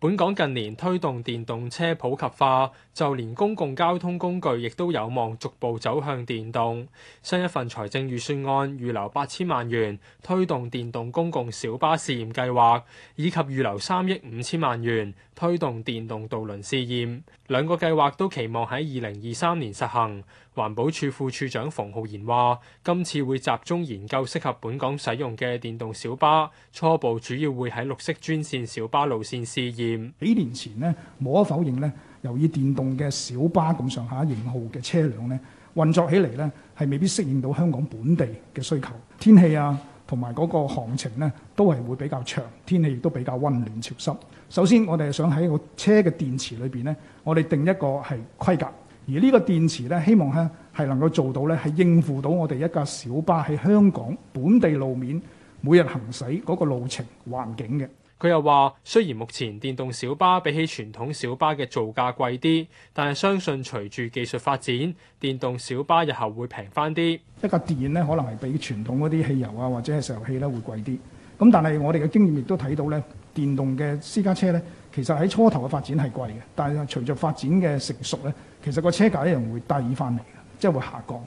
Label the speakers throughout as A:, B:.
A: 本港近年推動電動車普及化，就連公共交通工具亦都有望逐步走向電動。新一份財政預算案預留八千萬元，推動電動公共小巴試驗計劃，以及預留三億五千萬元。推動電動渡輪試驗，兩個計劃都期望喺二零二三年實行。環保署副署長馮浩然話：今次會集中研究適合本港使用嘅電動小巴，初步主要會喺綠色專線小巴路線試驗。幾
B: 年前呢，不可否認呢，由於電動嘅小巴咁上下型號嘅車輛呢，運作起嚟呢，係未必適應到香港本地嘅需求，天氣啊。同埋嗰個行程咧，都係會比較長，天氣亦都比較温暖潮濕。首先，我哋想喺個車嘅電池裏面咧，我哋定一個係規格，而呢個電池咧，希望咧係能夠做到咧係應付到我哋一架小巴喺香港本地路面每日行駛嗰個路程環境嘅。
A: 佢又話：雖然目前電動小巴比起傳統小巴嘅造價貴啲，但係相信隨住技術發展，電動小巴日後會平翻啲。
B: 一架電呢，可能係比傳統嗰啲汽油啊或者係石油氣呢會貴啲。咁但係我哋嘅經驗亦都睇到呢，電動嘅私家車呢，其實喺初頭嘅發展係貴嘅，但係隨著發展嘅成熟呢，其實個車價一樣會低翻嚟，即係會下降。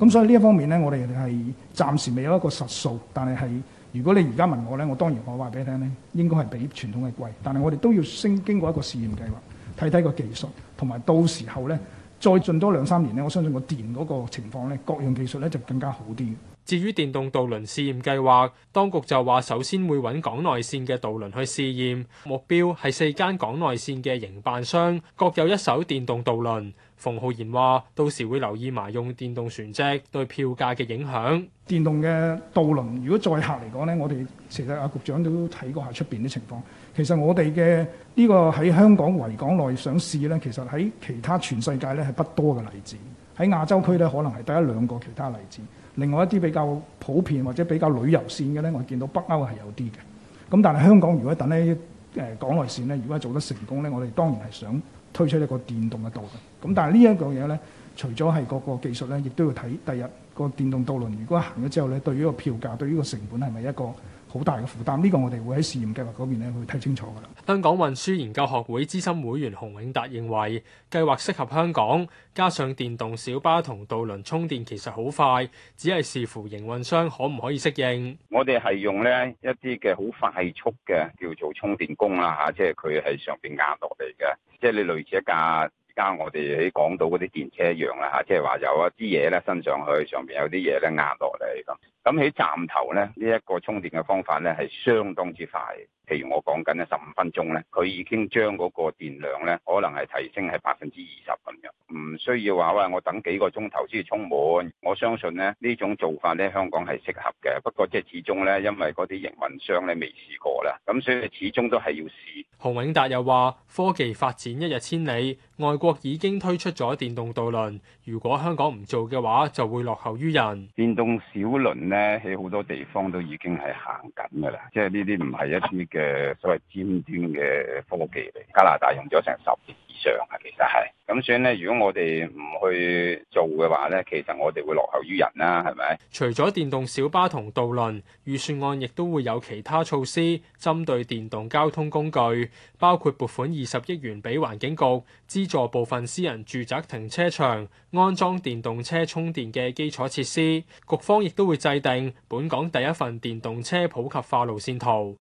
B: 咁所以呢一方面呢，我哋係暫時未有一個實數，但係係。如果你而家問我呢，我當然我話俾你聽呢，應該係比傳統嘅貴，但係我哋都要先經過一個試驗計劃，睇睇個技術，同埋到時候呢，再進多兩三年呢，我相信個電嗰個情況呢，各樣技術呢，就更加好啲。
A: 至於電動渡輪試驗計劃，當局就話首先會揾港內線嘅渡輪去試驗，目標係四間港內線嘅營辦商各有一艘電動渡輪。馮浩然話：到時會留意埋用電動船隻對票價嘅影響。
B: 電動嘅渡輪，如果載客嚟講呢，我哋其實阿局長都睇過下出邊啲情況。其實我哋嘅呢個喺香港維港內想試呢，其實喺其他全世界呢係不多嘅例子。喺亞洲區咧，可能係得一兩個其他例子。另外一啲比較普遍或者比較旅遊線嘅咧，我見到北歐係有啲嘅。咁但係香港，如果等呢誒港內線咧，如果做得成功咧，我哋當然係想推出一個電動嘅渡輪。咁但係呢一樣嘢咧，除咗係個個技術咧，亦都要睇第二個電動渡輪如果行咗之後咧，對於個票價、對於個成本係咪一個好大嘅負擔，呢個我哋會喺試驗計劃嗰邊咧去睇清楚噶啦。
A: 香港運輸研究學會資深會員洪永達認為，計劃適合香港，加上電動小巴同渡輪充電其實好快，只係視乎營運商可唔可以適應。
C: 我哋係用呢一啲嘅好快速嘅叫做充電弓啦，嚇，即係佢係上邊壓落嚟嘅，即係你類似一架而家在我哋喺港島嗰啲電車一樣啦，嚇，即係話有一啲嘢咧伸上去，上邊有啲嘢咧壓落嚟咁。咁喺站頭呢，呢一個充電嘅方法呢，係相當之快。譬如我講緊咧十五分鐘呢，佢已經將嗰個電量呢，可能係提升係百分之二十咁樣，唔需要話喂我等幾個鐘頭先至充滿。我相信呢，呢種做法呢，香港係適合嘅。不過即係始終呢，因為嗰啲營運商呢未試過啦，咁所以始終都係要試。
A: 洪永達又話：科技發展一日千里，外國已經推出咗電動渡輪，如果香港唔做嘅話，就會落後於人。
C: 電動小輪。咧喺好多地方都已經係行緊噶啦，即係呢啲唔係一啲嘅所謂尖端嘅科技嚟。加拿大用咗成十年。上啊，其實係咁，所以呢，如果我哋唔去做嘅話呢，其實我哋會落後於人啦，係咪？
A: 除咗電動小巴同渡輪，預算案，亦都會有其他措施針對電動交通工具，包括撥款二十億元俾環境局，資助部分私人住宅停車場安裝電動車充電嘅基礎設施。局方亦都會制定本港第一份電動車普及化路線圖。